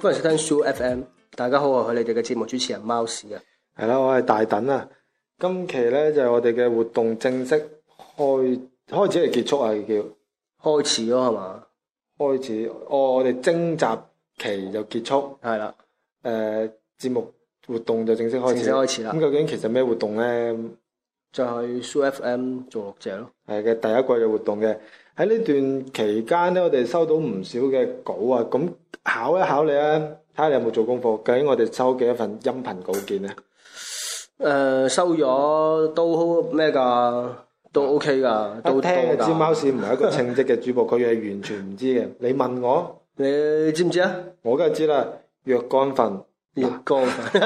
歡迎收聽 Soo FM，大家好，我係你哋嘅節目主持人貓史啊，係啦，我係大躉啊。今期咧就係、是、我哋嘅活動正式開開始，係結束係叫開始咯，係嘛？開始，哦，我哋徵集期就結束，係啦的。誒、呃，節目活動就正式開始，正式開始啦。咁究竟其實咩活動咧？就係蘇 FM 造樂者咯，係嘅第一季嘅活動嘅。喺呢段期間咧，我哋收到唔少嘅稿啊。咁考一考你啊，睇下你有冇做功課。究竟我哋收幾多份音頻稿件咧？誒，F 收咗都好咩噶？都 OK 噶。到聽嘅貓史唔係一個稱職嘅主播，佢係 完全唔知嘅。你問我，你知唔知啊？我梗係知啦。若干份，若干份，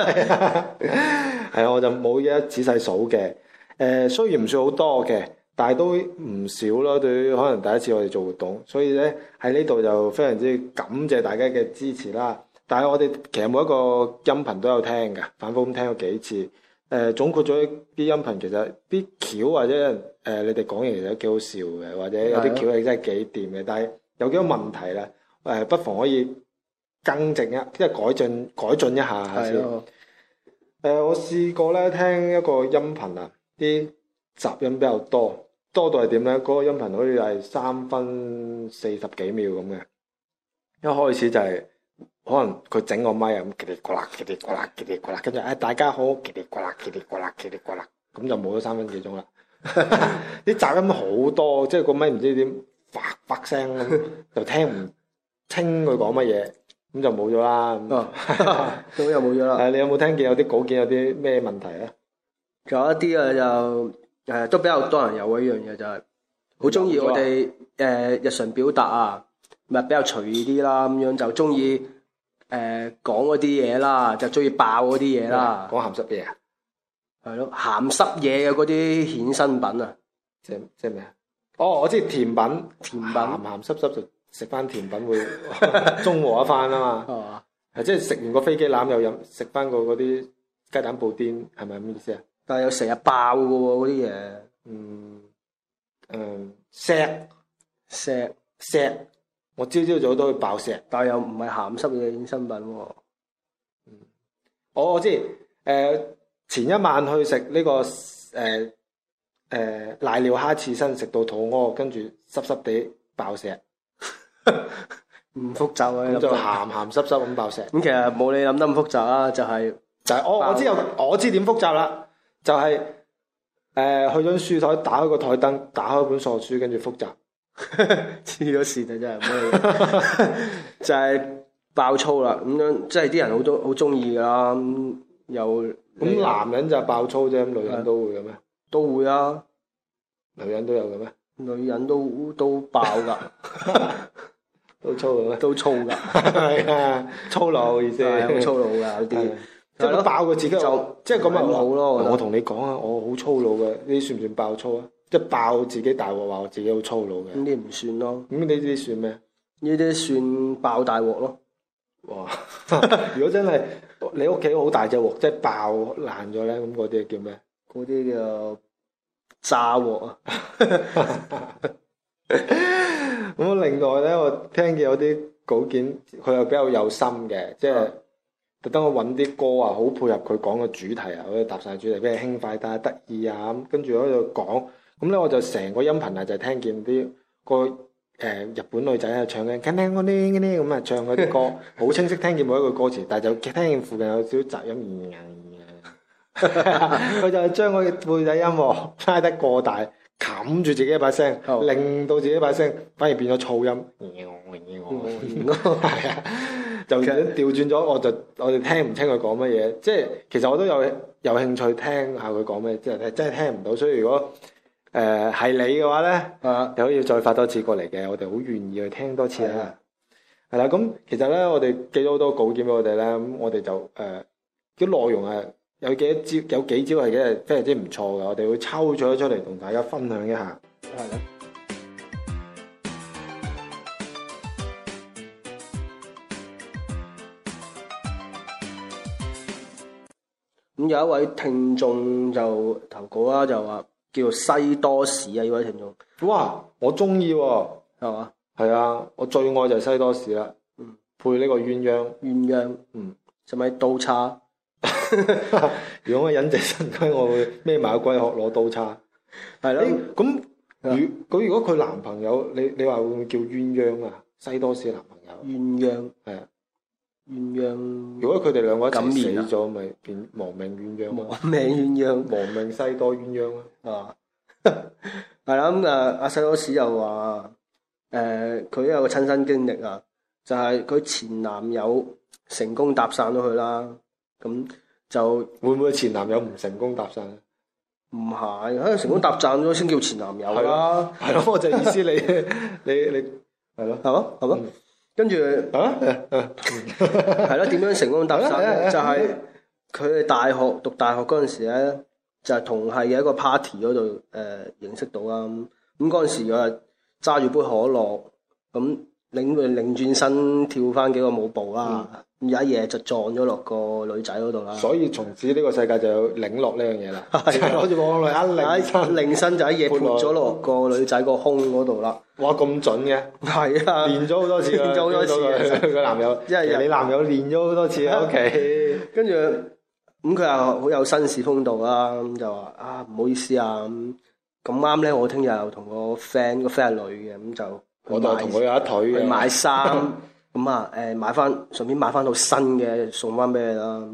係 啊， 我就冇一仔細數嘅。誒、uh, 雖然唔算好多嘅，但係都唔少咯。對於可能第一次我哋做活動，所以咧喺呢度就非常之感謝大家嘅支持啦。但係我哋其實每一個音頻都有聽㗎，反覆咁聽咗幾次。誒、呃、總括咗啲音頻，其實啲橋或者誒、呃、你哋講嘢其實都幾好笑嘅，或者有啲橋係真係幾掂嘅。但係有幾多問題咧？誒的不妨可以更正一下，即係改進改進一下先。誒的、uh, 我試過咧，聽一個音頻啊。啲雜音比較多，多到係點咧？嗰個音頻好似係三分四十幾秒咁嘅，一開始就係可能佢整個麥咁，嘰哩呱啦，嘰哩呱啦，嘰哩呱啦，跟住誒大家好，嘰哩呱啦，嘰哩呱啦，嘰哩呱啦，咁就冇咗三分幾鐘啦。啲雜音好多，即係個麥唔知點發發聲，就聽唔清佢講乜嘢，咁就冇咗啦。咁又冇咗啦。誒，你有冇聽見有啲稿件有啲咩問題咧？仲有一啲啊，就誒、呃、都比較多人有嘅一樣嘢就係好中意我哋誒、呃、日常表達啊，咪比較隨意啲啦，咁樣就中意誒講嗰啲嘢啦，就中意爆嗰啲嘢啦。講鹹濕嘢啊係咯，鹹濕嘢嘅嗰啲衍生品啊，即係即係咩啊？哦，我知甜品，甜品鹹鹹濕濕就食翻甜品會 中和一翻啊嘛，係即係食完個飛機欖又飲食翻個嗰啲雞蛋布甸，係咪咁意思啊？但係又成日爆嘅喎嗰啲嘢，嗯，誒、嗯、石石石，我朝朝早都去爆石，但係又唔係鹹濕嘅衍生品喎、啊。嗯，我我知，誒、呃、前一晚去食呢、這個誒誒瀨尿蝦刺身，食到肚屙，跟住濕濕地爆石，唔 複雜啊，咁 就鹹鹹濕濕咁爆石。咁其實冇你諗得咁複雜啊，就係、是、就係我我，我知我知點複雜啦。 就係、是、誒、呃、去咗書檯，打開個台燈，打開本傻書，跟住複雜黐咗事就真係就係爆粗、嗯、啦咁樣即係啲人好中好中意噶啦，又咁男人就爆粗啫。咁女，女人都會嘅咩？都會啊，女人都有嘅咩？女人都都爆噶，都粗嘅咩？都粗噶，粗魯嘅意思係粗魯噶啲。即係爆過自己，就，即係咁咪唔好咯說。我同你講啊，我好粗魯嘅，呢啲算唔算爆粗啊？即係爆自己大鑊，話我自己好粗魯嘅。呢啲唔算咯。咁呢啲算咩？呢啲算爆大鑊咯。哇！如果真係 你屋企好大隻鑊，即係爆爛咗咧，咁嗰啲叫咩？嗰啲叫炸鑊啊。咁 另外咧，我聽見有啲稿件，佢又比較有心嘅，即係。 特登我揾啲歌啊，好配合佢講嘅主題啊，好似搭晒主題，咩輕快啲得意啊咁，跟住我喺度講，咁咧我就成個音頻啊就聽見啲個誒日本女仔啊唱緊，嗰啲嗰啲咁啊唱嗰啲歌，好 清晰聽見每一個歌詞，但係就聽見附近有少少雜音，佢 就將佢嘅背景音樂拉得過大。冚住自己一把聲，oh. 令到自己一把聲反而變咗噪音，係啊，就調轉咗，我就我哋聽唔清佢講乜嘢。即係其實我都有有興趣聽，聽下佢講咩，即係真係聽唔到。所以如果誒係、呃、你嘅話咧，uh. 你可以再發多次過嚟嘅，我哋好願意去聽多次啦，啊。係啦，咁其實咧，我哋寄咗好多稿件俾我哋咧，咁我哋就誒啲內容係。有幾招，有幾招係嘅，非常之唔錯嘅。我哋會抽咗出嚟同大家分享一下。係啦。咁有一位聽眾就投稿啦，就話叫西多士啊，呢位聽眾。哇，我中意喎，係嘛？係啊，我最愛就係西多士啦。嗯。配呢個鴛鴦。鴛鴦。嗯。使咪刀叉？ 如果我忍者神龜，我會孭埋個龜殼攞刀叉，係咯的。咁如佢如果佢男朋友，你你話會唔會叫鴛鴦啊？西多士男朋友鴛鴦，係啊，鴛鴦、啊。如果佢哋兩個咁死咗，咪變亡命鴛鴦。亡命鴛鴦，亡命西多鴛鴦啦，係嘛？係啦， 咁誒，阿西多士又話，誒、呃，佢有個親身經歷啊，就係、是、佢前男友成功搭訕咗佢啦。咁就會唔會前男友唔成功搭訕？唔係，喺成功搭訕咗先叫前男友啦。係咯、嗯，我就意思你，你你係咯，係咯， 係、嗯、咯。跟住着啊，係、啊、咯，點 樣成功搭訕咧？啊、就係佢係大學讀大學嗰陣時咧，就係同係嘅一個 party 嗰度誒認識到啦。咁咁嗰陣時，我係揸住杯可樂，咁擰佢擰轉身跳翻幾個舞步啦。嗯有一夜就撞咗落個女仔嗰度啦，所以從此呢個世界就要領落呢樣嘢啦。好似講嚟，一擰身就一夜碰咗落個女仔個胸嗰度啦。哇，咁準嘅，係啊，練咗好多次，練咗好多次。個男友，因為你男友練咗好多次喺屋企。跟住咁佢又好有紳士風度啦，咁就話啊唔好意思啊，咁咁啱咧，我聽日又同個 friend 個 friend 係女嘅，咁就我就同佢有一腿啊，買衫。咁啊，誒、嗯、買翻，順便買翻套新嘅送翻俾你啦。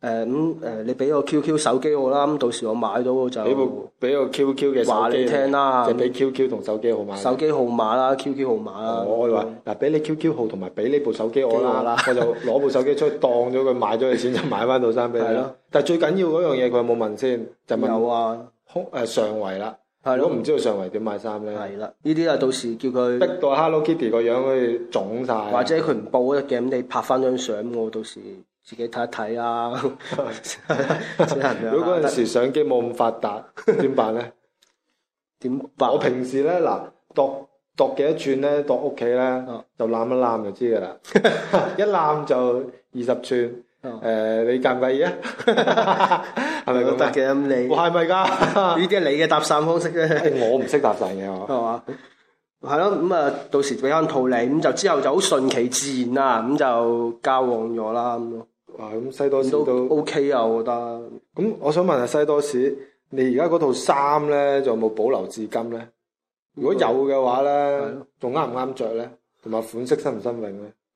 誒咁誒，哦、麼你俾個 QQ 手機我啦，咁到時我買到就俾個俾個 QQ 嘅話你聽啦，即係俾 QQ 同手機號碼。手機號碼啦，QQ 號碼啦。我話嗱，俾你 QQ 號同埋俾你部手機我，我就攞部手機出去當咗佢，買咗嘅錢就買翻套衫俾你。係咯的，但係最緊要嗰樣嘢，佢有冇問先？就問有啊，誒上圍啦。係，我唔知道上圍點買衫咧？係啦、嗯，呢啲啊，到時叫佢逼到 Hello Kitty 個樣可以腫晒。或者佢唔報得嘅，咁你拍翻張相，我到時自己睇一睇啊。 如果嗰陣時相機冇咁發達，點 辦咧？點辦？我平時咧嗱，度度幾多寸咧？度屋企咧，啊、就攬一攬就知噶啦， 一攬就二十寸。誒、哦呃，你介唔介意啊？係咪咁得嘅，咁你係咪噶？呢啲係你嘅搭訕方式啫、 哎。我唔識搭訕嘅，係嘛吧？係嘛？係咯，咁啊，到時俾翻套你，咁就之後就好順其自然啦。咁就，就交往咗啦，咁、嗯、哇、咁、啊、西多士都，都 OK 啊，我覺得。咁我想問下西多士，你而家嗰套衫咧，仲有冇保留至今咧？嗯、如果有嘅話咧，仲啱唔啱着咧？同埋款式新唔新穎咧？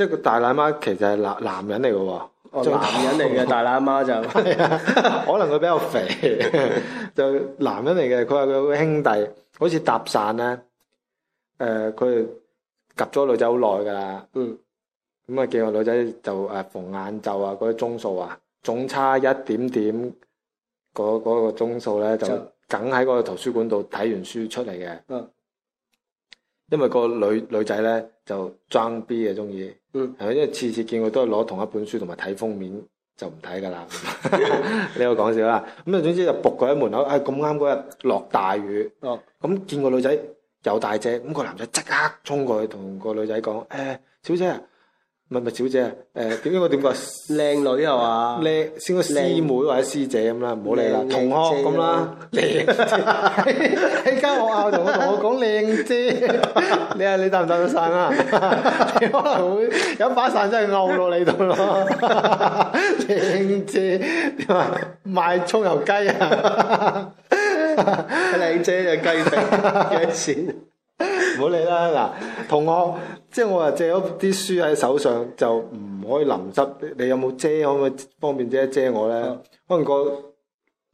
即係個大奶媽其實係男男人嚟嘅喎，哦最高 男人嚟嘅大奶媽就 可能佢比較肥， 就男人嚟嘅。佢話佢個兄弟好似搭訕咧，誒佢夾咗女仔好耐㗎啦。嗯，咁、呃、啊見、嗰個女仔就誒逢晏晝啊嗰啲鐘數啊，總差一點點嗰嗰、嗰個鐘數咧，嗰個、呢就梗喺個圖書館度睇完書出嚟嘅。嗯。因為個女女仔咧就裝逼嘅鍾意，係咪？嗯、因為次次見佢都係攞同一本書同埋睇封面就唔睇㗎喇。你我講笑啦。咁啊，總之就伏佢喺門口。誒、哎，咁啱嗰日落大雨，咁、哦、見女、那個、個女仔又大隻，咁個男仔即刻衝過去同個女仔講：誒，小姐啊！唔係唔係，小姐啊？誒，點解我點講？靚女係嘛？靚先個師妹或者師姐咁啦，唔好理啦。同學咁啦，靚喺間學校同我同我講靚姐，你話你搭唔搭得訕啊？ 你可能會有把傘真係勾到你度咯。靚姐點啊？賣葱油雞啊？靚姐隻雞幾多 錢。唔好理啦，嗱同學，即係我啊借咗啲書喺手上，就唔可以淋濕。你有冇遮可唔可以方便遮一遮我咧？嗯、可能個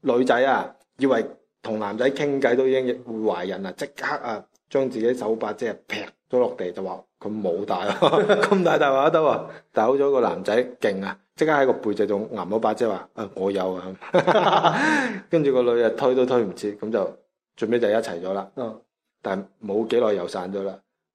女仔啊，以為同男仔傾偈都已經會懷孕啊，即刻啊將自己手把遮劈咗落地就，就話佢冇帶，咁大大話得喎。但好咗個男仔勁啊，即刻喺個背脊度揞嗰把遮話，啊、哎、我有啊，跟住個女啊推都推唔切，咁就最尾就一齊咗啦。嗯但係冇幾耐又散咗啦，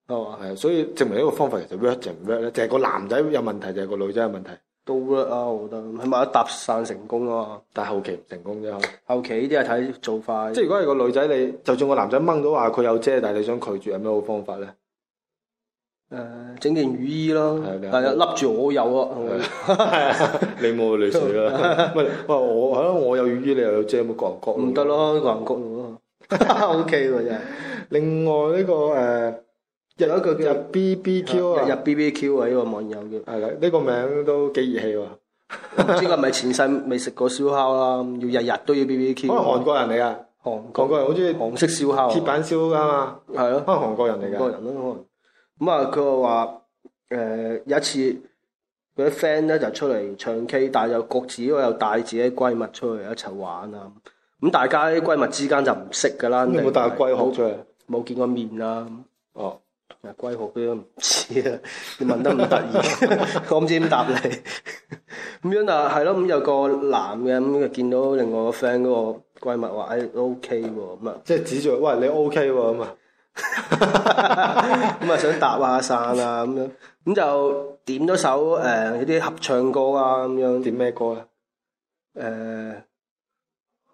係嘛、哦啊嗯？所以證明呢個方法其實 work 定唔 work 咧，就係個男仔有問題，就係個女仔有問題。都 work 啊，我覺得。起碼一搭訕成功咯？但係後期唔成功啫。後期呢啲係睇做法。即係如果係個女仔，你就算個男仔掹到話佢有遮，但係你想拒絕，有咩好方法咧？誒、呃，整件雨衣咯，係啊、嗯，笠住我，我有啊。 你冇雨水啊？唔係，我係咯，我有雨衣，你又有遮，咪各人各唔得咯，各人各。O K 喎，真係。另外呢、這個誒，uh, 有一個叫入 B B Q 日日 B B Q 啊，呢個網友叫、啊啊。係啦，呢個名都幾熱氣喎。呢個唔係前世未食過燒烤啦、啊，要日日都要 B B Q。可能韓國人嚟㗎。韓韓國人好鍾意韓式燒烤、鐵板燒㗎嘛。係咯，可能韓國人嚟㗎。韓國人啦、so，可能 Yeah,。咁啊，佢話誒有一次佢啲 friend 咧就出嚟唱 K，但係又各自又帶自己閨蜜出去一齊玩啊。咁大家啲閨蜜之間就唔識㗎啦，你冇帶閨好啫，冇見過面啊！哦，閨好佢都唔知啊！你問得唔得意，我唔知點答你。咁 樣嗱，係咯，咁有個男嘅咁又見到另外個 friend 嗰個閨蜜話，誒，OK 喎，咁啊，即係指住，喂，你 OK 喎，咁 啊，咁啊想搭下訕啊，咁樣，咁就點咗首誒嗰啲合唱歌啊，咁樣，樣點咩歌啊？誒、嗯。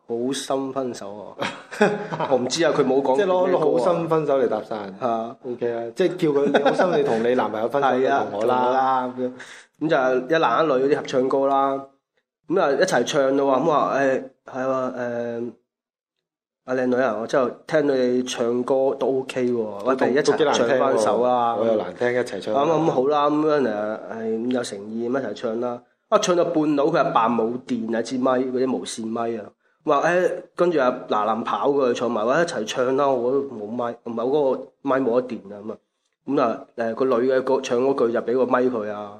好心分手啊，我唔知啊，佢冇講。即係攞好心分手嚟搭訕。係啊，OK 啊，即係叫佢好心你同你男朋友分手，同我啦咁樣。咁就一男一女嗰啲合唱歌啦。咁又一齊唱咯喎，咁話誒係啊，誒。阿靚女啊，我之後聽到你唱歌都 OK 喎，我哋一齊唱翻首啊！我又難聽一齊唱。咁咁好啦，咁誒係咁有誠意，咁一齊唱啦。啊，唱到半佬，佢又扮冇電啊，支咪，嗰啲無線咪啊！話誒，跟住阿嗱林跑過嚟唱埋，話一齊唱啦！我冇咪，唔係我嗰個咪冇得電啊嘛。咁啊誒個女嘅唱嗰句就俾個咪佢啊，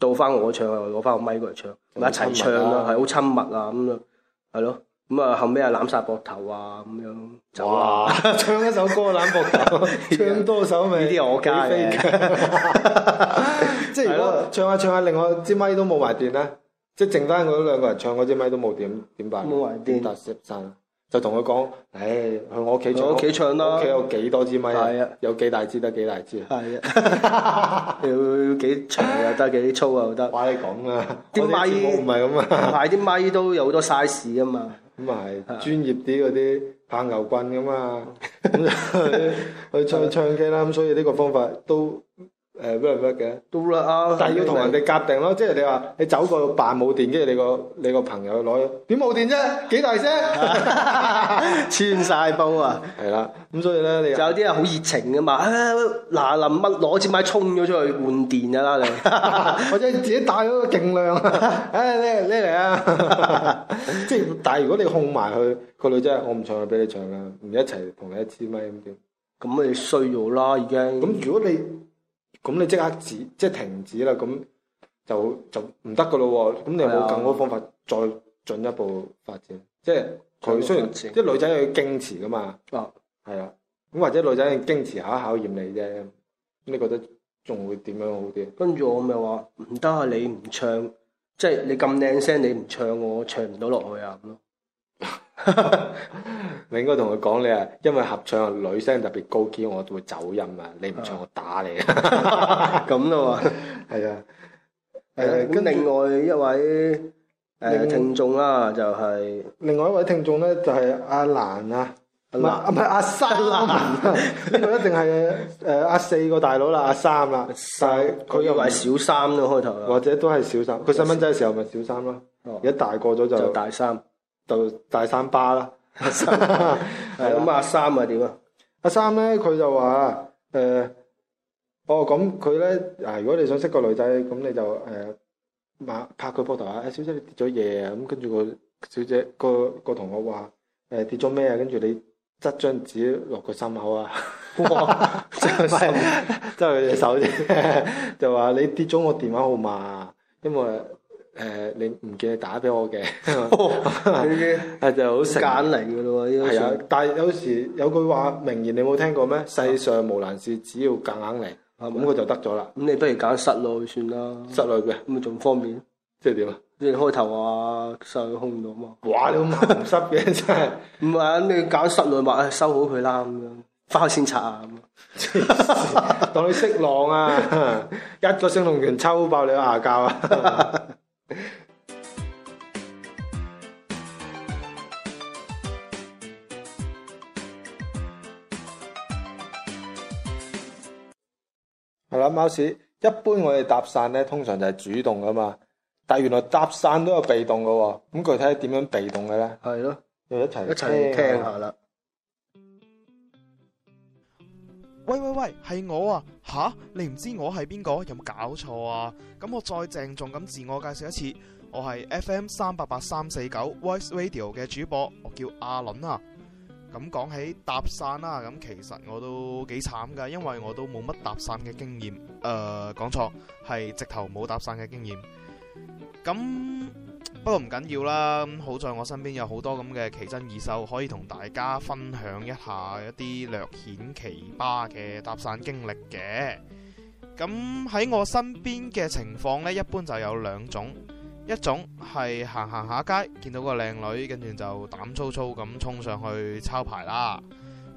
倒翻我唱攞翻個咪過嚟唱，咁一齊唱啦，係好親密啊咁啊，係咯。咁啊後尾啊攬晒膊頭啊咁樣。哇！唱一首歌攬膊頭，唱多首咪？呢啲我加嘅。即係我唱下唱下，另外支咪都冇埋電啦。即係剩翻嗰兩個人唱嗰支咪都冇點冇辦，啲搭攝山？就同佢講：，誒，去我屋企唱，我屋企唱啦。屋企有幾多支咪啊？有幾大支得幾大支？係啊，要幾長又得，幾粗又得。擺你講啊，啲咪？唔係咁啊，買啲咪都有好多 size 啊嘛。咁啊係，專業啲嗰啲棒牛棍咁啊，去去唱唱 K 啦。咁所以呢個方法都。誒咩咩嘅都啦，但係要同人哋夾定咯，即係你話你走過扮冇電，跟住你個你個朋友攞點冇電啫？幾大聲？穿曬煲啊！係啦，咁所以咧你就有啲人好熱情噶嘛，嗱林乜攞支咪衝咗出去換電㗎啦！你或者自己帶咗個勁量，誒你你嚟啊！即係但係如果你控埋佢個女仔，我唔唱俾你唱啦，唔一齊同你一支咪咁點？咁你衰咗啦，已經咁如果你。咁你即刻止，即係停止啦，咁就就唔得噶咯喎！咁你有冇更好方法再進一步發展？的即係是佢雖然即係女仔要矜持噶嘛，係啦、啊。咁或者女仔要矜持下考驗你啫。咁你覺得仲會點樣好啲？跟住我咪話唔得啊！你唔唱，即係你咁靚聲，你唔唱我唱唔到落去啊咁咯。 你應該同佢講，你係因為合唱女聲特別高級，兼我都會走音啊！你唔唱，我打你咁咯，係 啊。 誒、呃，跟另外一位誒、呃、聽眾啦、就是，就係另外一位聽眾咧，就係阿蘭啊，唔係阿三蘭啊，一定係誒阿四個大佬啦，阿、啊、三啦、啊，佢又話小三都開頭，或者都係小三，佢細蚊仔嘅時候咪小三咯，而家大個咗就，就大三。就大三巴 三巴啦，咁 阿三啊點啊？阿三咧佢就話誒、呃，哦咁佢咧，嗱、哦、如果你想識個女仔，咁你就誒，馬、呃、拍佢膊頭、哎、啊！誒、嗯、小姐你跌咗嘢啊！咁跟住個小姐個個同學話誒、呃、跌咗咩啊？跟住你執張紙落佢心口啊，張 手，執佢隻手 就話你跌咗我電話號碼，因為。誒，你唔記得打俾我嘅，係就好揀嚟嘅咯喎。係啊，但係有時有句話名言，你冇聽過咩？世上無難事，只要夾硬嚟，咁佢就得咗啦。咁你不如搞室內算啦，室內嘅咁咪仲方便。即係點啊？你開頭話受控到啊嘛？哇！你咁失嘅，真係唔係？你搞室內話收好佢啦，咁樣翻先拆啊！當你色狼啊，一個星龍拳抽爆你牙教啊！係啦，貓屎、 嗯、一般我哋搭訕咧，通常就係主動噶嘛。但係原來搭訕都有被動噶喎、哦。咁具體係點樣被動嘅咧？係咯的，要一齊一齊聽下啦。喂喂喂，係我啊！吓，你唔知我係邊個？有冇搞錯啊？咁我再鄭重咁自我介紹一次，我係 FM 三八八三四九 Voice Radio 嘅主播，我叫阿倫啊。咁講起搭訕啦，咁其實我都幾慘噶，因為我都冇乜搭訕嘅經驗。誒、呃，講錯，係直頭冇搭訕嘅經驗。咁。不過唔緊要啦，好在我身邊有好多咁嘅奇珍異獸，可以同大家分享一下一啲略顯奇葩嘅搭訕經歷嘅。咁喺我身邊嘅情況呢，一般就有兩種，一種係行行下街見到個靚女，跟住就膽粗粗咁衝上去抄牌啦。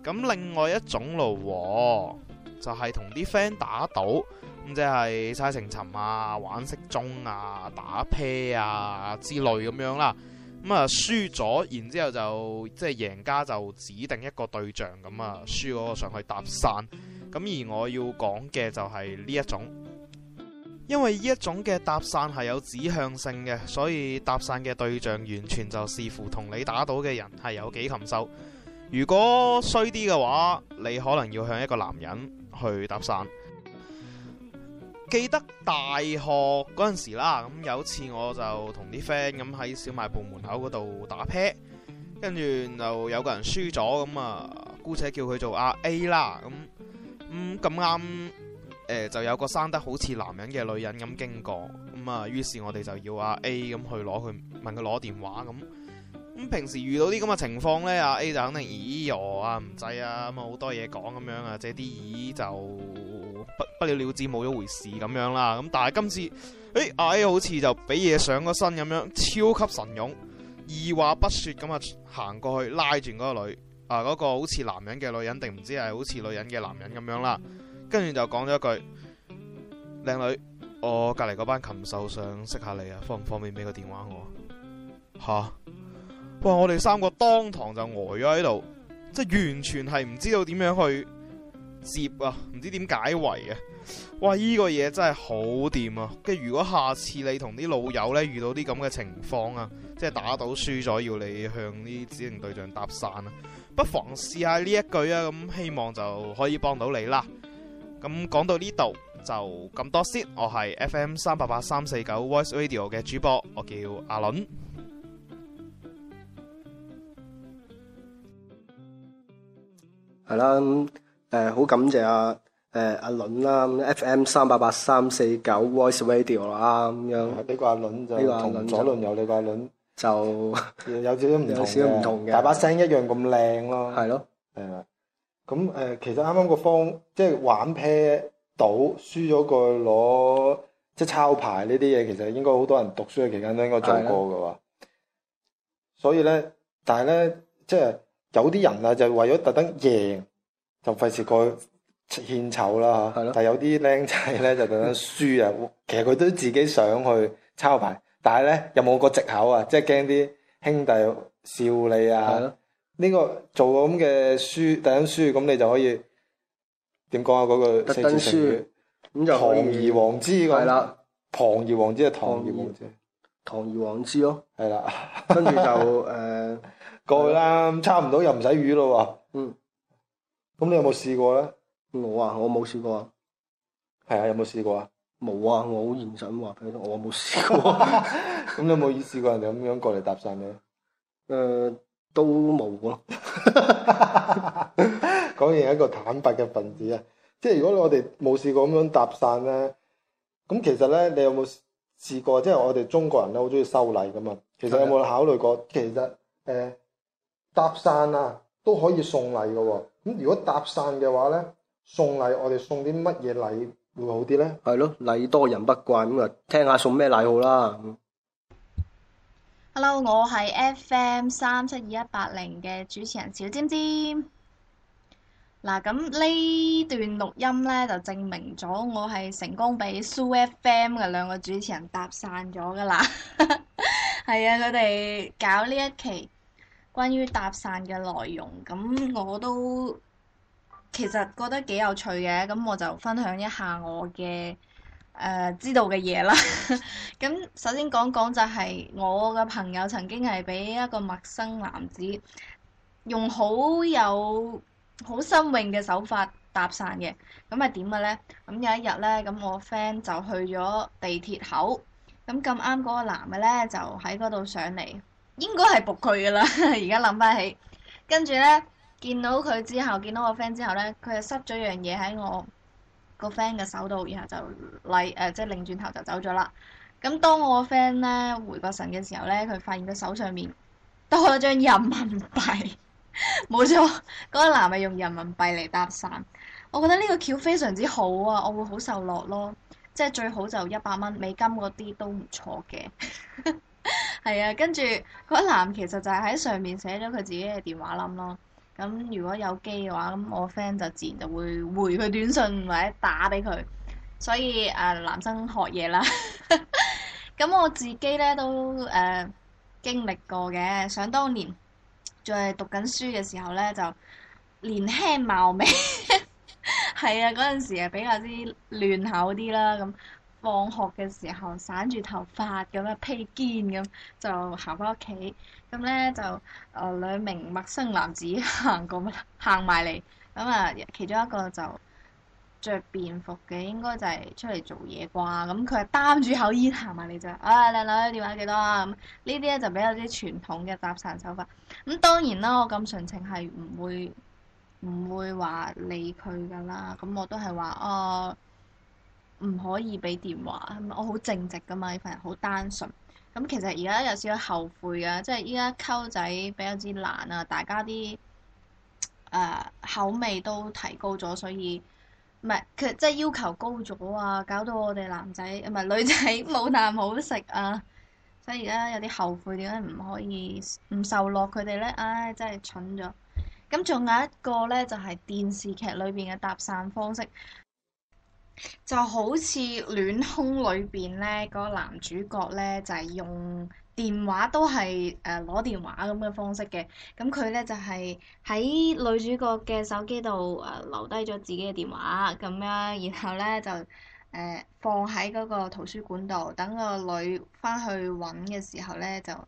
咁另外一種路就係同啲 friend 打賭。咁即係猜情尋啊、玩骰盅啊、打啤啊之類咁樣啦。咁啊輸咗，然之後就即係贏家就指定一個對象咁啊，輸嗰個上去搭訕。咁、嗯、而我要講嘅就係呢一種，因為呢一種嘅搭訕係有指向性嘅，所以搭訕嘅對象完全就視乎同你打到嘅人係有幾禽獸。如果衰啲嘅話，你可能要向一個男人去搭訕。記得大學嗰陣時啦，咁有一次我就同啲 friend 咁喺小賣部門口嗰度打啤，跟住就有個人輸咗，咁啊姑且叫佢做阿 A 啦，咁咁啱誒就有個生得好似男人嘅女人咁經過，咁啊於是我哋就要阿 A 咁去攞佢，問佢攞電話，咁咁平時遇到啲咁嘅情況呢，阿 A 就肯定，咦唷啊唔制啊，咁啊好多嘢講咁樣啊，借啲咦就。不，不了了之冇咗回事咁樣啦，咁但係今次誒阿 A 好似就俾嘢上咗身咁樣，超級神勇，二話不說咁，啊行過去拉住嗰個女啊嗰、嗰個好似男人嘅女人，定唔知係好似女人嘅男人咁樣啦，跟住就講咗一句：靚女，我隔籬嗰班禽獸想識下你啊，方唔方便俾個電話我？吓，哇！我哋三個當堂就呆咗喺度，即係完全係唔知道點樣去。接啊，唔知點解圍啊！哇，呢個嘢真係好掂啊！跟住如果下次你同啲老友呢遇到啲咁嘅情況啊，即係打賭輸咗要你向啲指定對象搭訕啊，不妨試下呢一句啊！咁希望就可以幫到你啦。咁講到呢度就咁多先，我係 FM 三八八三四九 Voice Radio 嘅主播，我叫阿倫。好啦。誒，好感謝阿誒阿倫啦，咁 F M 三八八三四九 Voice Radio 啦，咁樣。呢個阿倫就同左輪有呢個輪，就有少少唔同，大把聲一樣咁靚咯。係咯，係啊。咁誒，其實啱啱個方即係玩 pair 賭輸咗個攞即係抄牌呢啲嘢，其實應該好多人讀書嘅期間都應該做過噶。所以咧，但係咧，即係有啲人啊，就係為咗特登贏。就費事過獻醜啦吓，的但係有啲僆仔咧就咁樣輸啊， 其實佢都自己想去抄牌，但係咧有冇個借口啊？即係驚啲兄弟笑你啊？呢的個做咁嘅輸，第一輸咁你就可以點講啊？嗰句、那個、四字成語咁就堂而皇之咁係啦，堂而皇之係堂而皇之，堂的而皇之咯。係啦，跟住的 就誒過去啦，uh, 差唔多又唔使魚咯。嗯。咁你有冇試過咧？我啊，我冇試過、啊。係啊，有冇試過啊？冇啊，我好現實喎，我冇試過、啊。咁 你有冇意試過人哋咁樣過嚟搭訕你？誒、呃，都冇咯。講 嘢 一個坦白嘅分子啊！即係如果我哋冇試過咁樣搭訕咧，咁其實咧，你有冇試過？即係我哋中國人咧，好中意收禮噶嘛。其實有冇考慮過？其實誒、呃，搭訕啊，都可以送禮噶、啊。咁如果搭訕嘅話咧，送禮我哋送啲乜嘢禮會好啲咧？係咯，禮多人不怪，咁啊聽下送咩禮好啦。Hello，我係 FM 三七二一八零嘅主持人小尖尖。嗱，咁呢段錄音咧就證明咗我係成功俾 SooFM 嘅兩個主持人搭訕咗噶啦。係 啊，佢哋搞呢一期。關於搭訕嘅內容，咁我都其實覺得幾有趣嘅，咁我就分享一下我嘅誒、呃、知道嘅嘢啦。咁 首先講講就係、是、我嘅朋友曾經係俾一個陌生男子用好有好新穎嘅手法搭訕嘅，咁係點嘅咧？咁有一日咧，咁我 friend 就去咗地鐵口，咁咁啱嗰個男嘅咧就喺嗰度上嚟。應該係僕佢噶啦，而家諗翻起，跟住呢，見到佢之後，見到我個 friend 之後呢，佢就塞咗樣嘢喺我個 friend 嘅手度，然後就嚟誒、呃，即係擰轉頭就走咗啦。咁當我個 friend 呢回過神嘅時候呢，佢發現佢手上面多咗張人民幣，冇 錯，嗰、嗰個男咪用人民幣嚟搭訕。我覺得呢個橋非常之好啊，我會好受落咯，即係最好就一百蚊美金嗰啲都唔錯嘅。 係啊，跟住嗰男其實就係喺上面寫咗佢自己嘅電話冧咯。咁如果有機嘅話，咁我 friend 就自然就會回佢短信或者打俾佢。所以誒、呃，男生學嘢啦。咁 我自己咧都誒、呃、經歷過嘅。想當年仲係讀緊書嘅時候咧，就年輕貌美， 係啊，嗰陣時係比較之嫩口啲啦咁。放學嘅時候，散住頭髮咁樣披肩咁就行返屋企，咁、嗯、咧就誒、呃、兩名陌生男子行過行埋嚟，咁啊、嗯、其中一個就着便服嘅，應該就係出嚟做嘢啩，咁佢係擔住口煙行埋嚟啫。啊，靚女，電話幾多啊？咁呢啲咧就比較啲傳統嘅搭訕手法。咁、嗯、當然啦，我咁純情係唔會唔會話理佢㗎啦。咁、嗯、我都係話哦。啊唔可以俾電話，我好正直噶嘛，呢份人好單純。咁其實而家有少少後悔嘅，即係依家溝仔比較之難啊，大家啲誒、呃、口味都提高咗，所以唔係佢即係要求高咗啊，搞到我哋男仔唔係女仔冇啖好食啊！ 所以而家有啲後悔，點解唔可以唔受落佢哋咧？唉、哎，真係蠢咗。咁仲有一個咧，就係、是、電視劇裏邊嘅搭訕方式。就好似戀空裏邊咧，嗰、那個男主角咧就係、是、用電話都係誒攞電話咁嘅方式嘅，咁佢咧就係、是、喺女主角嘅手機度誒、呃、留低咗自己嘅電話，咁樣然後咧就誒、呃、放喺嗰個圖書館度，等個女翻去揾嘅時候咧就誒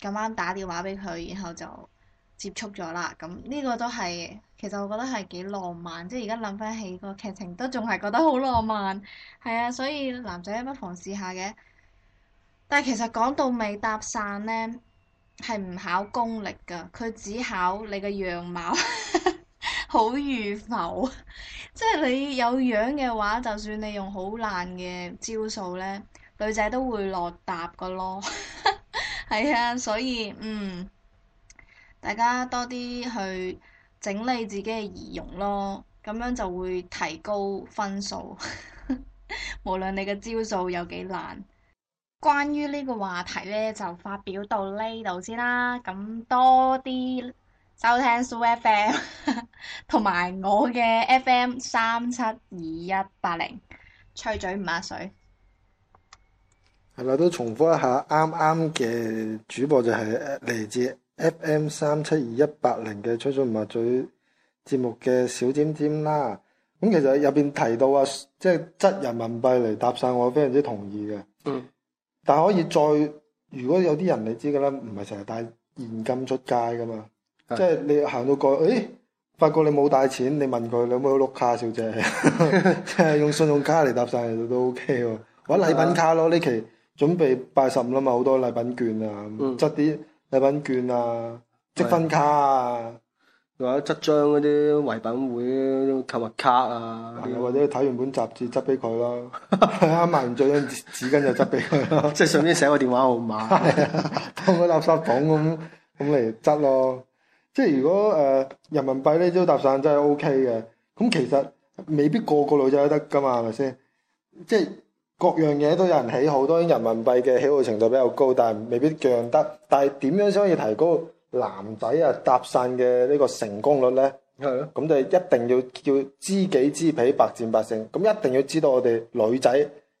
咁啱打電話俾佢，然後就接觸咗啦。咁呢個都係。其實我覺得係幾浪漫，即係而家諗翻起個劇情都仲係覺得好浪漫，係啊！所以男仔不妨試下嘅。但係其實講到未搭訕呢，係唔考功力㗎，佢只考你嘅樣貌， 好與如否謀。 即係你有樣嘅話，就算你用好爛嘅招數呢，女仔都會落搭㗎囉。係 啊，所以嗯，大家多啲去，整理自己嘅儀容咯，咁樣就會提高分數。 無論你嘅招數有幾難，關於呢個話題咧，就發表到呢度先啦。咁多啲收聽 Soo FM，同埋我嘅 FM 三七二一八零，吹嘴唔啊水。係啦，都重複一下啱啱嘅主播就係嚟姐。FM 三七二一八零嘅《吹水唔係最節目》嘅小尖尖啦，咁、嗯嗯、其實入邊提到啊，即係質人民幣嚟搭訕，我非常之同意嘅。嗯。但係可以再，如果有啲人你知嘅啦，唔係成日帶現金出街嘅嘛，即係的你行到過，誒，發覺你冇帶錢，你問佢有冇碌卡小姐，即 係用信用卡嚟搭訕都 OK 喎，揾禮品卡咯。呢期準備拜十五啦嘛，好多禮品券啊，執啲、嗯。禮品券啊，積分卡啊，或者執張嗰啲唯品會購物卡啊，或者睇完本雜誌執俾佢咯，啱 買完最張紙巾就執俾佢咯。 即係順便寫個電話號碼、 啊，當個垃圾筒咁咁嚟執咯。即係如果誒、呃、人民幣呢都搭訕真係 O K 嘅。咁其實未必個個女仔都得噶嘛，係咪先？即係。各樣嘢都有人喜好，好多人民幣嘅喜好程度比較高，但係未必強得。但係點樣先可以提高男仔啊搭訕嘅呢個成功率呢？咁 就一定要叫知己知彼，百戰百勝。咁一定要知道我哋女仔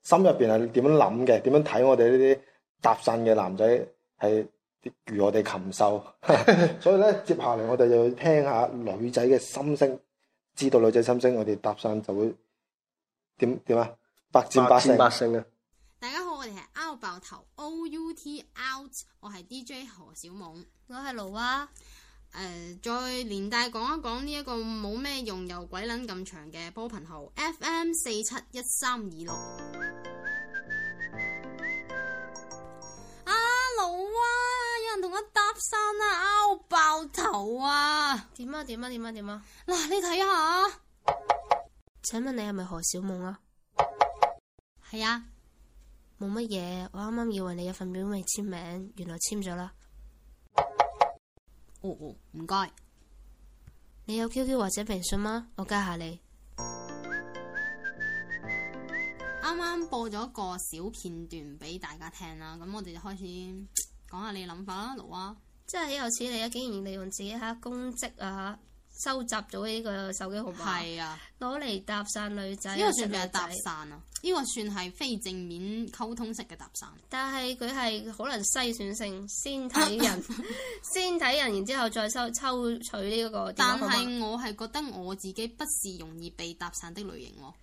心入邊係點樣諗嘅，點樣睇我哋呢啲搭訕嘅男仔係如我哋禽獸。 所以呢，接下嚟我哋就要聽下女仔嘅心聲，知道女仔心聲，我哋搭訕就會點點啊？百戰百勝啊！大家好，我哋係 out 爆頭 out，Out。O U、T, out, 我係 D J 何小夢，我係盧娃。誒，再連帶講一講呢一個冇咩用又鬼捻咁長嘅波頻號 F M 四七一三二六。啊，盧娃、uh, 啊，有人同我搭訕啊！out 爆頭啊！點啊？點啊？點啊？點啊？嗱、啊，你睇下，請問你係咪何小夢啊？係啊，冇乜嘢。我啱啱以為你有份表未簽名，原來簽咗啦。哦哦，唔該。你有 QQ 或者微信嗎？我加下你。啱啱播咗個小片段俾大家聽啦，咁我哋就開始講下你諗法啦，勞啊。真係豈有此理啊！竟然利用自己吓公職啊收集咗呢個手機號碼，攞嚟搭訕女仔。呢個算唔係搭訕啊？呢、這個算係非正面溝通式嘅搭訕。但係佢係可能篩選性先睇人， 先睇人，然之後再收抽取呢個電話號碼，但係是 嗎我係覺得我自己不是容易被搭訕的類型喎、啊。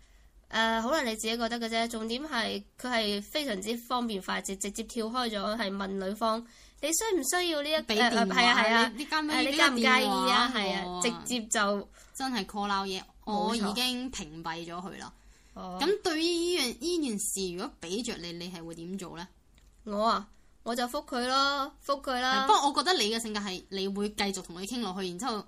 誒、啊，可能你自己覺得嘅啫。重點係佢係非常之方便快捷，直接跳開咗係問女方。你需唔需要呢一個？俾電話，你介唔介意？呢間電話係啊，直接就真係 call 鬧嘢。我已經屏蔽咗佢啦。咁對於呢樣呢件事，如果俾着你，你係會點做咧？我啊，我就復佢咯，復佢啦。不過我覺得你嘅性格係你會繼續同佢傾落去，然之後，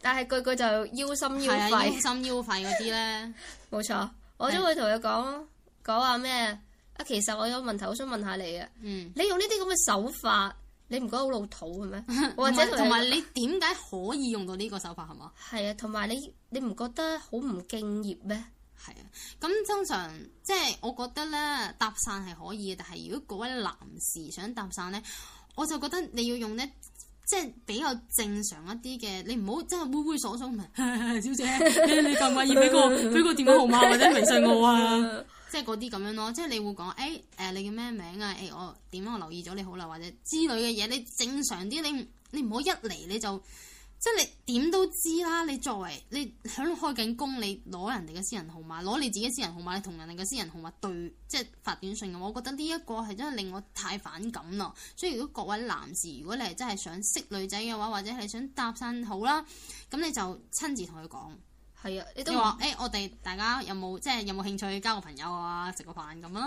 但係句句就腰心腰肺，腰心腰肺嗰啲咧。冇錯，我都會同佢講，講話咩？啊，其實我有個問題，我想問下你啊。嗯。你用呢啲咁嘅手法，你唔覺得好老土係咩？或者 唔係，同埋你點解可以用到呢個手法係嘛？係啊，同埋你你唔覺得好唔敬業咩？係啊。咁通常即係、就是、我覺得咧，搭訕係可以嘅，但係如果嗰位男士想搭訕咧，我就覺得你要用呢，即、就、係、是、比較正常一啲嘅，你唔好真係猥猥瑣瑣 小姐， 你你咁快要俾個俾個電話號碼或者微信我啊？ 即係嗰啲咁樣咯，即係你會講誒，誒、哎呃，你叫咩名啊？誒、哎，我點樣我留意咗你好啦，或者之類嘅嘢，你正常啲，你你唔好一嚟你就，即係你點都知啦。你作為你響度開緊工，你攞人哋嘅私人號碼，攞你自己私人號碼，你同人哋嘅私人號碼對，即係發短信。我覺得呢一個係真係令我太反感咯。所以如果各位男士，如果你係真係想識女仔嘅話，或者係想搭訕好啦，咁你就親自同佢講。係啊！你都你話誒、欸，我哋大家有冇即係有冇興趣交個朋友啊？食個飯咁啊！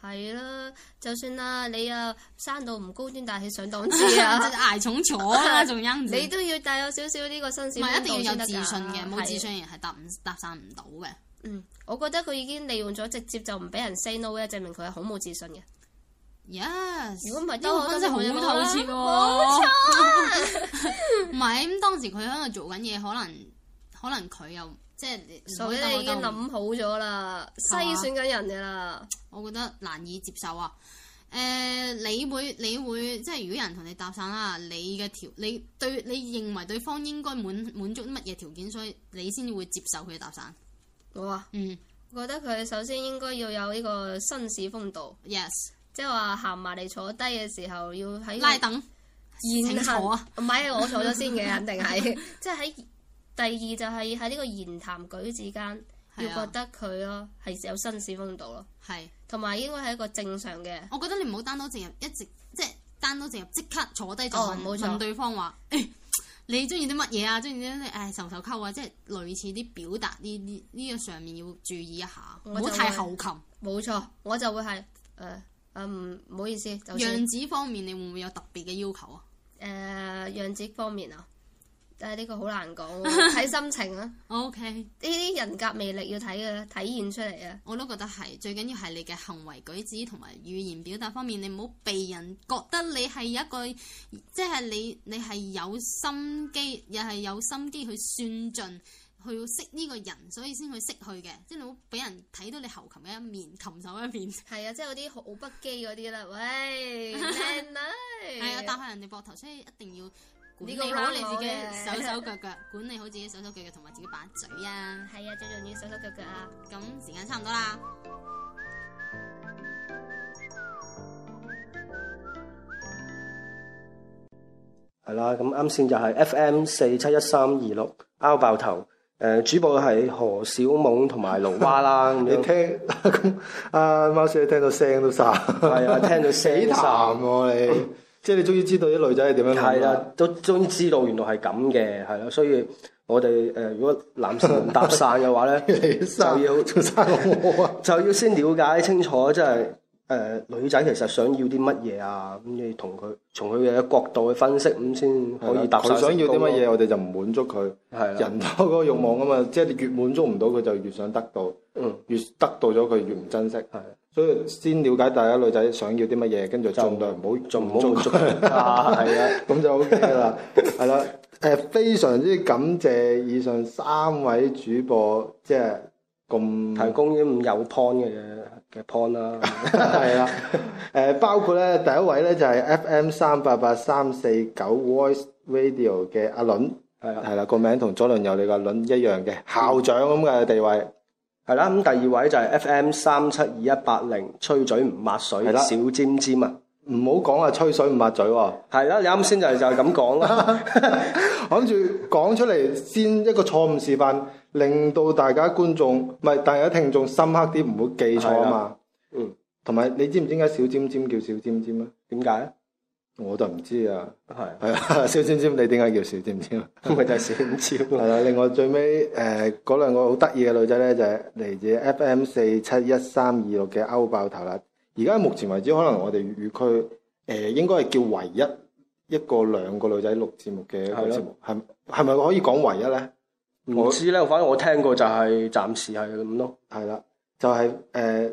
係啦、啊，就算啦、啊，你啊生到唔高端，但係上檔次啊，挨重重，啦，仲 你都要帶有少少呢個紳士。唔係一定要有自信嘅，冇、啊、自信人係搭唔搭訕唔到嘅。嗯，我覺得佢已經利用咗直接就唔俾人 say no 啊，證明佢係好冇自信嘅。Yes，如果唔係都好真係好透徹，冇錯。唔係咁，當時佢喺度做緊嘢，可能。可能佢又即係，就是、你已經諗好咗啦，篩不選緊人噶啦。我覺得難以接受啊。誒、呃，你會你會即係，如果有人同你搭訕啦，你嘅條你對你認為對方應該滿滿足乜嘢條件，所以你先至會接受佢搭訕？好啊白，嗯，我覺得佢首先應該要有呢個紳士風度。Yes，即係話行埋嚟坐低嘅時候要喺拉凳，請行坐啊。唔係、啊、我坐咗先嘅，肯定係即係喺。就是第二就係喺呢個言談舉止間是、啊、要覺得佢咯係有紳士風度咯，係，同埋應該係一個正常嘅。我覺得你唔好單刀直入，一直即、就是、單刀直入即刻坐低就問對方話、哦哎，你中意啲乜嘢啊？中意啲唉，手手溝啊！即係類似啲表達，呢啲呢個上面要注意一下，唔好太猴擒。冇錯，我就會係誒誒唔好意思。就樣子方面，你會唔會有特別嘅要求啊？誒、呃、樣子方面啊。但呢個好難講，睇心情啊。O K，呢啲人格魅力要睇嘅，體現出嚟啊。我都覺得係，最緊要係你嘅行為舉止同埋語言表達方面，你唔好被人覺得你係一個，即係你你係有心機，又係有心機去算盡，去識呢個人，所以先去識佢嘅，即係唔好俾人睇到你猴擒嘅一面，琴手一面。係 啊，即係嗰啲好不羈嗰啲啦。喂，靚女，係啊，搭喺人哋膊頭，所以一定要。管理好你自己手手腳腳，管理好自己手手腳腳同埋自己把嘴啊！係啊，最重要手手腳腳啊！咁時間差唔多啦，係啦，咁啱先就係 FM 四七一三二六，拗爆頭誒！主播係何小夢同埋蘆娃啦，你聽啊，貓史聽到聲都散，係啊，聽到死淡喎你。即係你終於知道啲女仔係點樣啦？係啦，都終於知道原來係咁嘅，係啦。所以我哋誒、呃，如果男士搭訕嘅話咧， 生就要就要先了解清楚，即係誒女仔其實想要啲乜嘢啊。咁你同佢從佢嘅角度去分析，咁先可以搭到。佢想要啲乜嘢，我哋就唔滿足佢。係啦的，人多個欲望啊嘛，嗯、即係你越滿足唔到佢，就越想得到。嗯，越得到咗佢越唔珍，珍惜。係。所以先了解大家女仔想要啲乜嘢，跟住就盡量唔好做，唔好做。係啊，咁就 OK 啦。係啦，誒非常之感謝以上三位主播，即係咁提供咗咁有 point 嘅嘅 point 啦。係啦，誒包括咧第一位咧就係 FM 三八八三四九 Voice Radio 嘅阿倫，係啦，係啦，個名同左麟右李個倫一樣嘅校長咁嘅地位。係啦，咁第二位就係 F M 三七二一八零，吹嘴唔抹水，係啦，小尖尖啊！唔好講啊，吹水唔抹嘴喎。係啦，你啱先就就咁講啦。我諗住講出嚟先，一個錯誤示範，令到大家觀眾唔係大家聽眾深刻啲，唔好記錯啊嘛。的嗯，同埋你知唔知點解小尖尖叫小尖尖啊？點解咧？我就唔知啊是的， 係係啊！小尖尖你點解叫小尖尖？咁咪就係小尖尖。係啦， 另外最尾誒嗰兩個好得意嘅女仔咧，就係、是、嚟自 F M 四七一三二六嘅歐爆頭啦。而家目前為止，可能我哋粵語區誒應該係叫唯一一個兩個女仔錄節目嘅一個節目，係係咪可以講唯一咧？唔我知咧，反正我聽過就係暫時係咁咯。係啦，就係、是、誒、呃、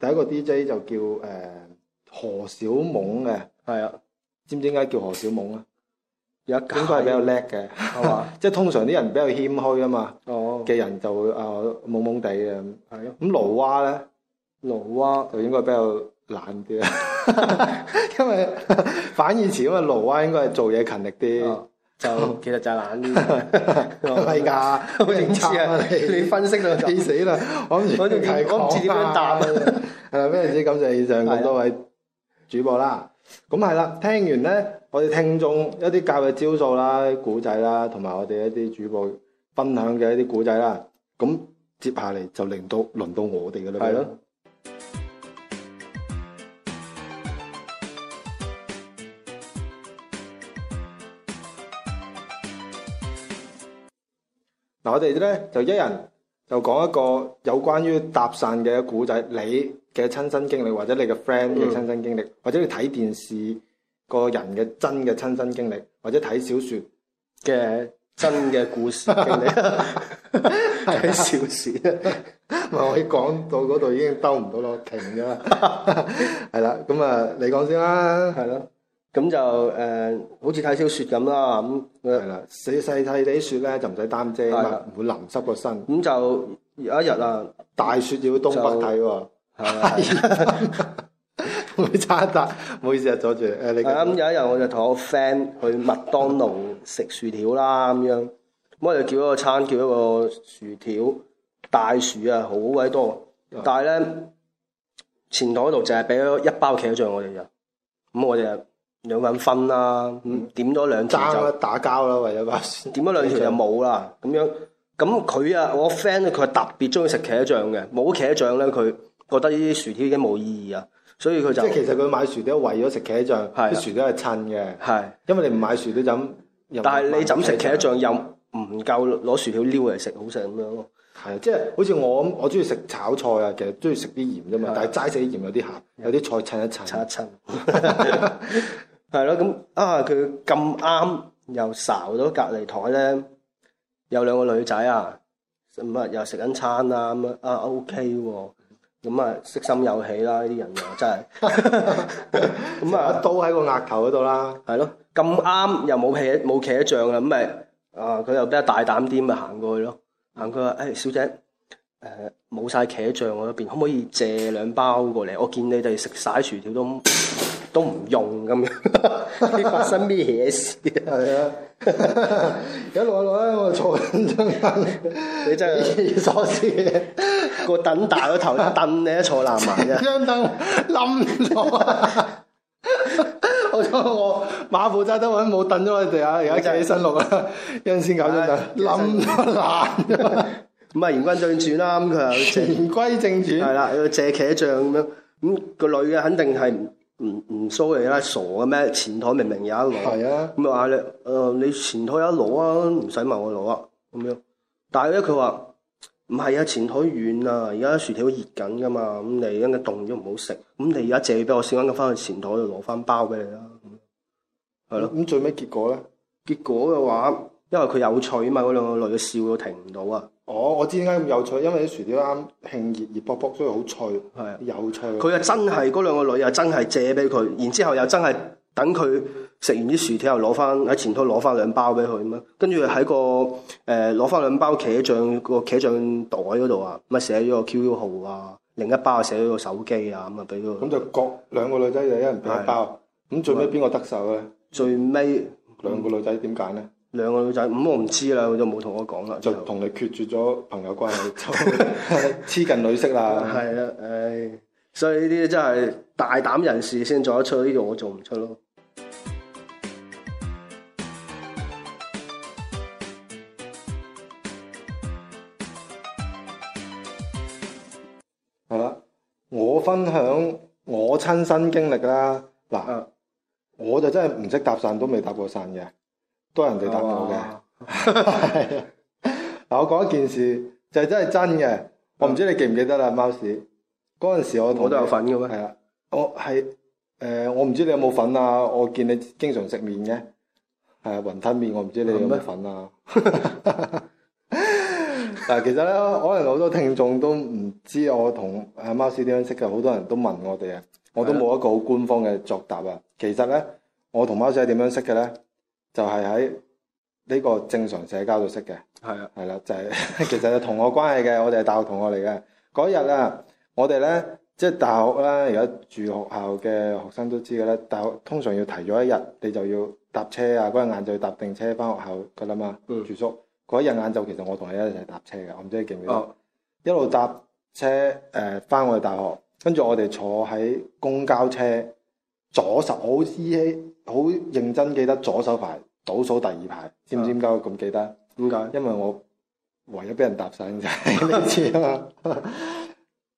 第一個 D J 就叫誒、呃、何小夢嘅，係啊。的 知唔知點解叫何小夢啊？應該係比較叻嘅，係嘛？即係通常啲人比較謙虛啊嘛，嘅人就會啊懵懵地嘅。係咯。咁盧蛙咧，盧蛙就應該比較懶啲，因為反義詞因為。盧蛙應該係做嘢勤力啲，就其實就懶啲。係㗎，好認真啊！你你分析到氣死啦，我我提睇唔知點樣答啊！係啊，咩意思？感謝以上咁多位主播啦。咁係啦，聽完咧，我哋聽眾一啲教嘅招數啦、古仔啦，同埋我哋一啲主播分享嘅一啲古仔啦，咁接下嚟就令到輪到我哋嘅啦。係咯。嗱，我哋咧就一人就講一個有關於搭訕嘅古仔，你。嘅親身經歷，或者你嘅 friend 嘅親身經歷，或者你睇電視個人嘅真嘅親身經歷，或者睇小說嘅真嘅故事經歷，睇小說，唔可以講到嗰度已經兜唔到落停㗎喇，係啦，咁啊，你講先啦，係咯，咁就誒，好似睇小說咁啦，咁係啦，細細細啲雪咧就唔使擔遮啦，唔會淋濕個身。咁就有一日啊，大雪要東北睇喎。係，每差得，唔好意思啊，阻住。你咁、 嗯、有一日我就同我 friend 去麥當勞食薯條啦，咁樣，咁我哋叫一個餐，叫一個薯條大薯啊，好鬼多。但係咧，是前台度淨係俾咗一包茄醬我哋就、嗯、就，咁我哋兩份分啦，點咗兩條就爭啦，打交啦，為咗把點咗兩條就冇啦，咁、嗯、樣。咁佢啊，我 friend 佢係特別中意食茄醬嘅，冇茄，茄醬咧佢。覺得呢啲薯條已經冇意義啊，所以佢就即係其實佢買薯條為咗食茄醬，啲薯條係襯嘅。係，因為你唔買薯條就，但係你怎食茄醬又唔夠攞薯條撩嚟食，好食咁樣咯。係啊，即係好似我咁，我鍾意食炒菜啊，其實鍾意食啲鹽啫嘛，是啊、但係齋食啲鹽有啲鹹，有啲菜襯一襯。 襯一襯，係咯，咁啊，佢咁啱又睄咗隔離台咧，有兩個女仔啊，唔係又食緊餐啦咁啊，OK 喎。咁啊、嗯，色心有起啦！呢啲人啊，真係咁啊， 一刀喺個額頭嗰度啦，係咯、嗯，咁啱又冇茄冇茄醬啦，咁咪啊，佢又比較大膽啲，咪行過去咯，行過去話，誒、哎，小姐，誒、呃，冇晒茄醬喎，邊可唔可以借兩包過嚟？我見你哋食晒薯條都。 都唔用咁樣，啲發生咩嘢事啊？係啊！而家落落咧，我坐緊張凳，你真係匪夷所思嘅。個凳大過頭，凳你都坐爛埋嘅。張凳冧咗啊！好彩我馬步揸得穩，冇凳咗佢哋啊！而家企起身落啊。一陣先搞掂佢。冧爛咗，咁啊，言歸正傳啦。咁佢又正歸正傳，係啦、 嗯，借茄醬咁樣。咁個女嘅肯定係。唔唔騷你啦，而家傻嘅咩？前台明明有一攞，咁啊話你，誒、呃、你前台有一攞啊，唔使問我攞啊咁樣。但係咧，佢話唔係啊，前台遠啊，而家薯條都熱緊噶嘛，咁、嗯、你因為凍咗唔好食，咁、嗯、你而家借俾我先，啱咁翻去前台度攞翻包俾你啦，係咯。咁、嗯啊嗯、最尾結果咧？結果嘅話。因為佢有趣啊嘛，嗰兩個女嘅笑到停唔到啊！哦，我知點解咁有趣，因為啲薯條啱，興熱熱卜卜，所以好脆，係的有趣。佢啊真係嗰兩個女啊真係借俾佢，然之後又真係等佢食完啲薯條又攞翻喺前台攞翻兩包俾佢咁樣，跟住喺個誒攞翻兩包茄醬個茄醬袋嗰度啊，咁啊寫咗個 QQ 號啊，另一包啊寫咗個手機啊，咁啊俾咗佢。咁就各兩個女仔就一人俾一包，咁的最尾邊個得手咧？最尾、嗯、兩個女仔點解咧？嗯兩個女仔，咁我唔知啦，佢就冇同我講啦，就同你決絕咗朋友關係，黐 近女色啦。係啦，唉、哎，所以呢啲真係大膽人士先做得出，呢、這、度、個、我做唔出咯。係啦，我分享我親身經歷啦，嗱，我就真係唔識搭訕，都未搭過訕嘅。多人哋等我嘅、哦，嗱 我講一件事，就係、是、真係真嘅。我唔知你記唔記得啦，貓屎嗰陣時我我、呃，我我都有粉嘅咩？係啊，我係誒，我唔知你有冇粉啊。我見你經常食麵嘅，係、呃、啊，雲吞麵。我唔知你有冇粉啊。嗱是嗎， 其實咧，可能好多聽眾都唔知我同誒貓屎點樣識嘅，好多人都問我哋啊，我都冇一個好官方嘅作答啊。其實咧，我同貓屎係點樣識嘅咧？就係喺呢個正常社交度識嘅，係啊，係啦，就係、是、其實係同學關係嘅，我哋係大學同學嚟嘅。嗰日啊，我哋咧即係大學啦，而家住學校嘅學生都知嘅啦。大學通常要提早一日，你就要搭車啊。嗰日晏晝要搭定車翻學校噶啦嘛，嗯、住宿。嗰日晏晝其實我同你一齊搭車嘅，我唔知你記唔記得，哦、一路搭車誒翻、呃、我哋大學，跟住我哋坐喺公交車左手依。好認真記得左手牌倒數第二排，啊、知唔知點解我咁記得？點解？因為我唯一俾人搭訕就係呢次啊嘛，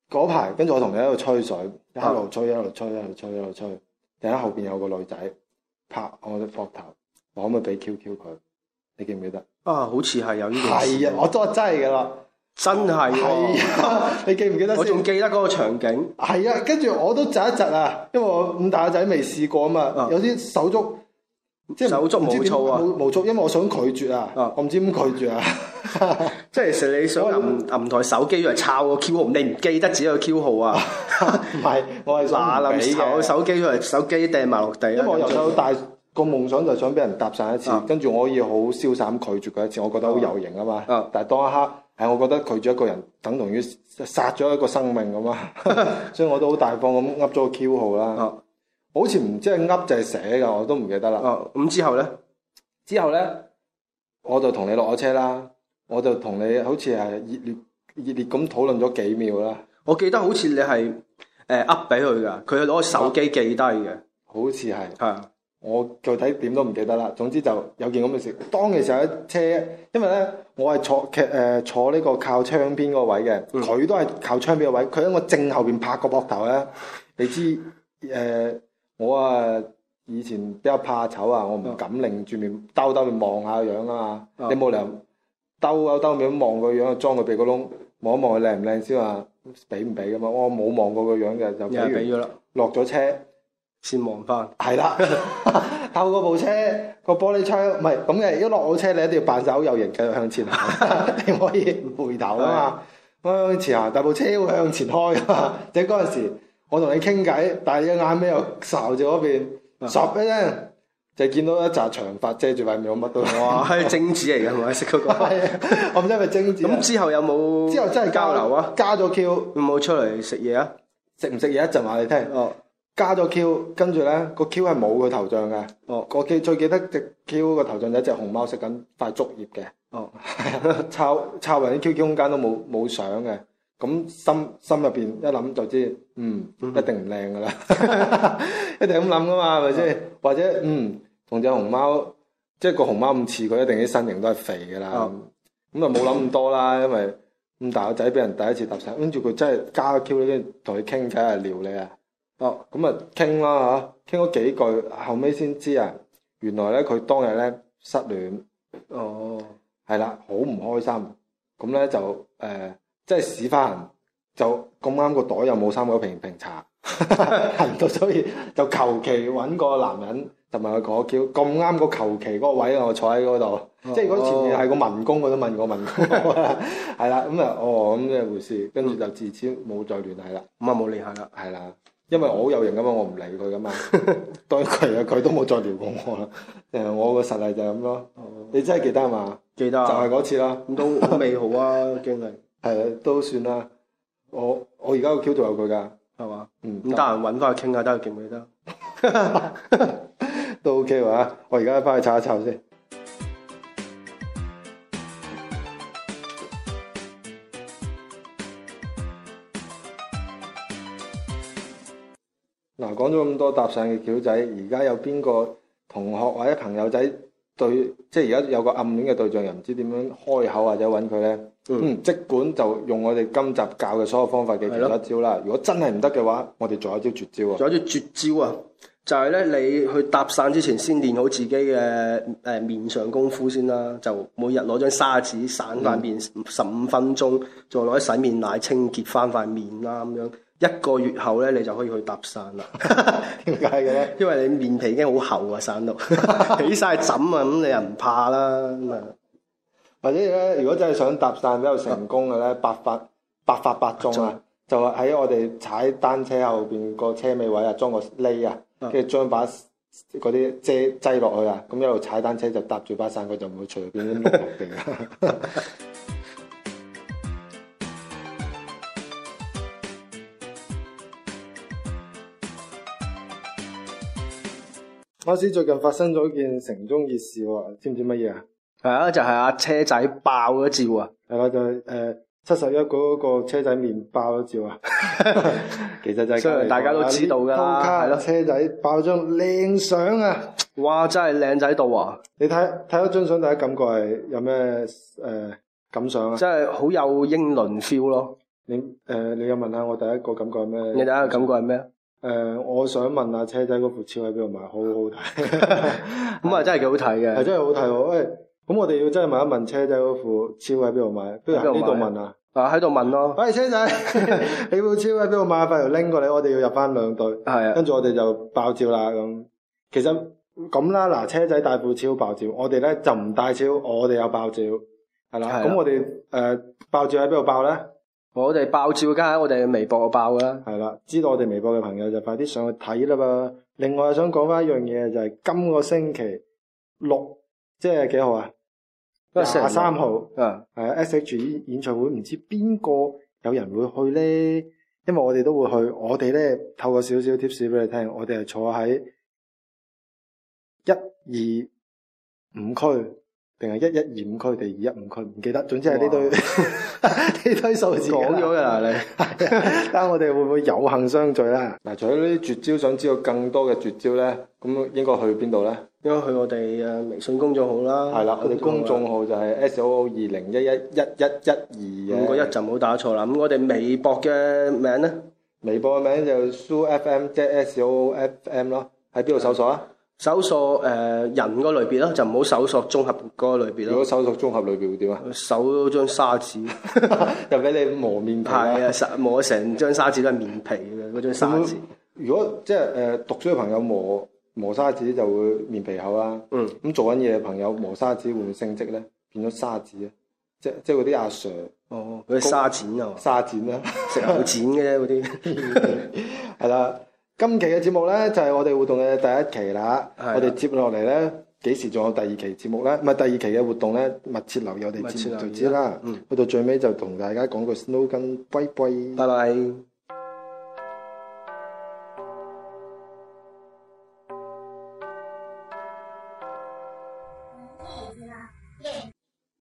嗰排 跟住我同你喺度吹水，一路吹一路吹一路吹一路吹，然後後邊有個女仔拍我啲膊頭，我可唔可以俾 QQ 佢？你記唔記得？啊，好似係有呢件事。係啊，我都真係嘅啦。真係你記唔記得？我仲記得嗰個場景。係啊，跟住我都窒一窒啊，因為我咁大個仔未試過啊嘛，有啲手足，即係手足無措啊。無措，因為我想拒絕啊。我唔知點拒絕啊。即係成你想揞揞台手機嚟抄個 Q 號，你唔記得自己個 Q 號啊？唔係，我係拿嚟抄個手機出嚟，手機掟埋落地。因為由細到大個夢想就想俾人搭訕一次，跟住我可以好瀟灑咁拒絕佢一次，我覺得好有型啊嘛。但係當一刻。係，我覺得拒絕一個人等同於殺咗一個生命咁啊， 所以我都好大方咁噏咗個 Q 號啦。啊、好似唔知係噏就係寫噶，我都唔記得啦。咁、啊、之後呢？之後呢？我就同你落咗車啦，我就同你好似係熱烈熱烈咁討論咗幾秒啦。我記得好似你係誒噏俾佢噶，佢係攞個手機記低嘅、啊，好似係係。我具體點都唔記得啦，總之就有件咁嘅事。當其時候喺車，因為咧我係坐誒、uh, 坐呢個靠窗邊個位嘅，佢都係靠窗邊個位，佢喺我正後邊拍個膊頭咧。你知誒、呃，我啊以前比較怕醜啊，mm. 我唔敢擰住面兜兜面望下個樣啊。你冇理由兜兜面望個樣，裝個鼻哥窿，望一望佢靚唔靚先啊，畀唔畀㗎嘛。我冇望過個樣嘅，就畀畀咗喇，落咗車。先望翻，係啦。 透過部車個玻璃窗，唔係咁嘅。一落好車，你一定要扮晒好有型，繼續向前，行！ 你唔可以回頭 啊嘛。向、啊、前行，但部車會向前開啊。 即係嗰陣時，我同你傾偈，但係你眼尾又睄住嗰邊，十咧，就見到一紮長發遮住塊面，我乜都。哇，係貞子嚟嘅，我識嗰個。我唔知係咪貞子。咁、 啊、之後有冇之後真係交流啊？加咗 Q。有冇出嚟食嘢啊？食唔食嘢一陣話你聽。哦。加咗 Q，跟住咧個 Q 係冇個頭像嘅。哦，我記最記得隻 Q 個頭像就係隻熊貓食緊塊竹葉嘅。哦， 抄抄入啲 QQ 空間都冇冇相嘅。咁心心入邊一諗就知，嗯，一定唔靚噶啦，一定咁諗噶嘛，係咪先？或者嗯，同隻熊貓，即係個熊貓咁似，佢一定啲身形都係肥噶啦。咁啊冇諗咁多啦，因為咁大個仔俾人第一次搭訕，跟住佢真係加咗 Q，跟住同佢傾偈啊，撩你啊。哦，咁啊傾啦嚇，傾咗幾句，後尾先知啊，原來咧佢當日咧失戀，哦，係啦，好唔開心，咁咧就誒，即係屎翻痕，就咁啱個袋又冇三個瓶瓶茶，行到所以就求其揾個男人同埋佢果叫，咁啱個求其嗰個位我坐喺嗰度，即係如果前面係個民工我都問過民工，係啦，咁啊哦咁嘅回事，跟住就自此冇再聯繫啦，咁啊冇聯繫啦，係啦。因為我好有型噶嘛，我唔理佢噶嘛，當佢啊，佢都冇再撩過我啦。誒， 我個實例就係咁咯。你真係記得嘛？記得，就係嗰次啦。咁都美好啊，經歷係啊，都算啦。我我而家個 Q 度有佢㗎，係嘛吧？嗯，咁得閒揾翻去傾下，得佢記唔記得？都 OK 喎！我而家翻去查一查先。講咗咁多搭訕嘅橋仔，而家有邊個同學或者朋友仔對，即係而家有個暗戀嘅對象，又唔知點樣開口或者揾佢呢？嗯，即管就用我哋今集教嘅所有方法，記住一招啦。是的 如果真係唔得嘅話，我哋做一招絕招啊！做一招絕招啊！就係、是、呢：你去搭訕之前，先練好自己嘅誒、呃、面上功夫先啦。就每日攞張砂紙散塊面十五分鐘，嗯、再攞啲洗面奶清潔返塊面啦咁樣。一個月後咧，你就可以去搭訕啦。點解嘅咧？因為你面皮已經好厚啊，山度 起晒疹啊，咁你又唔怕啦。或者咧，如果真係想搭訕比較成功嘅咧，百發、啊、百發百中啊，啊就喺我哋踩單車後邊個車尾位啊，裝個笠啊，跟住將把嗰啲遮擠落去啊，咁一路踩單車就搭住把傘，佢就唔會隨便碌落嚟。啊 我啱最近發生咗一件城中熱事，知唔知乜嘢啊？係啊，就係、是、阿、啊、車仔爆咗照啊！係咯、啊，就係誒七十一嗰個車仔麵爆咗照啊！ 其實就係，相 大家都知道噶、啊、卡，係咯，車仔爆張靚相啊！哇，真係靚仔到啊！你睇睇咗張相，第一感覺係有咩誒、呃、感想啊？真係好有英倫 feel 咯！你誒、呃，你有問下我，第一個感覺係咩？你第一個感覺係咩？誒、呃，我想問下、啊、車仔嗰副超喺邊度買，好好睇，咁啊真係幾好睇嘅，係、嗯、真係好睇喎。咁、欸、我哋要真係問一問車仔嗰副超喺邊度買？不如喺呢度問啊？啊喺度問咯。喂、哎，車仔， 你部超喺邊度買？快嚟拎過嚟，我哋要入翻兩對。係啊的。跟住我哋就爆照啦咁。其實咁啦，嗱，車仔大部超爆照，我哋咧就唔帶超，我哋有爆照！係啦。咁的我哋誒、呃，爆照喺邊度爆咧？我哋爆照梗係我哋微博爆啦，係啦，知道我哋微博嘅朋友就快啲上去睇啦噃。另外想講翻一樣嘢，就係、是、今個星期六，即係幾號啊？十三號，嗯，係 S H 演唱會，唔知邊個有人會去呢？因為我哋都會去，我哋呢透過少少 tips 俾你聽，我哋係坐喺一二五區。定係一一二五區定二一五區，唔記得。總之係呢堆呢堆數字。講咗㗎啦，你。睇下我哋會唔會有幸相聚咧？嗱，除咗呢啲絕招，想知道更多嘅絕招咧，咁應該去邊度咧？應該去我哋嘅微信公眾號啦。係啦，我哋公眾號就係 S O O 二零一一一一一二五個一就冇打錯啦。咁我哋微博嘅名咧，微博嘅名就 SooFM，即係 S O O F M 咯。喺邊度搜索啊？搜索誒、呃、人個類別咯，就唔好搜索綜合嗰個類別咯。如果搜索綜合類別會點啊？搜張砂紙，又俾 你磨面皮。啊，磨成張砂紙都係面皮嘅張砂紙。如果即係誒、呃、讀書嘅朋友磨磨砂紙就會面皮厚啦。嗯。咁、嗯、做緊嘢嘅朋友磨砂紙會唔會升職咧？變咗砂紙啊？即即係嗰啲阿 sir。哦，嗰啲沙展啊？沙展啊，成有錢嘅啫，嗰啲係啦。今期嘅節目呢，就係、是、我哋活動嘅第一期啦，的我哋接落嚟呢，幾時仲有第二期節目呢？唔係第二期嘅活動呢，密切留意我哋節目就知啦。去到最尾就同大家講句 snow 跟 bye bye。拜拜拜拜。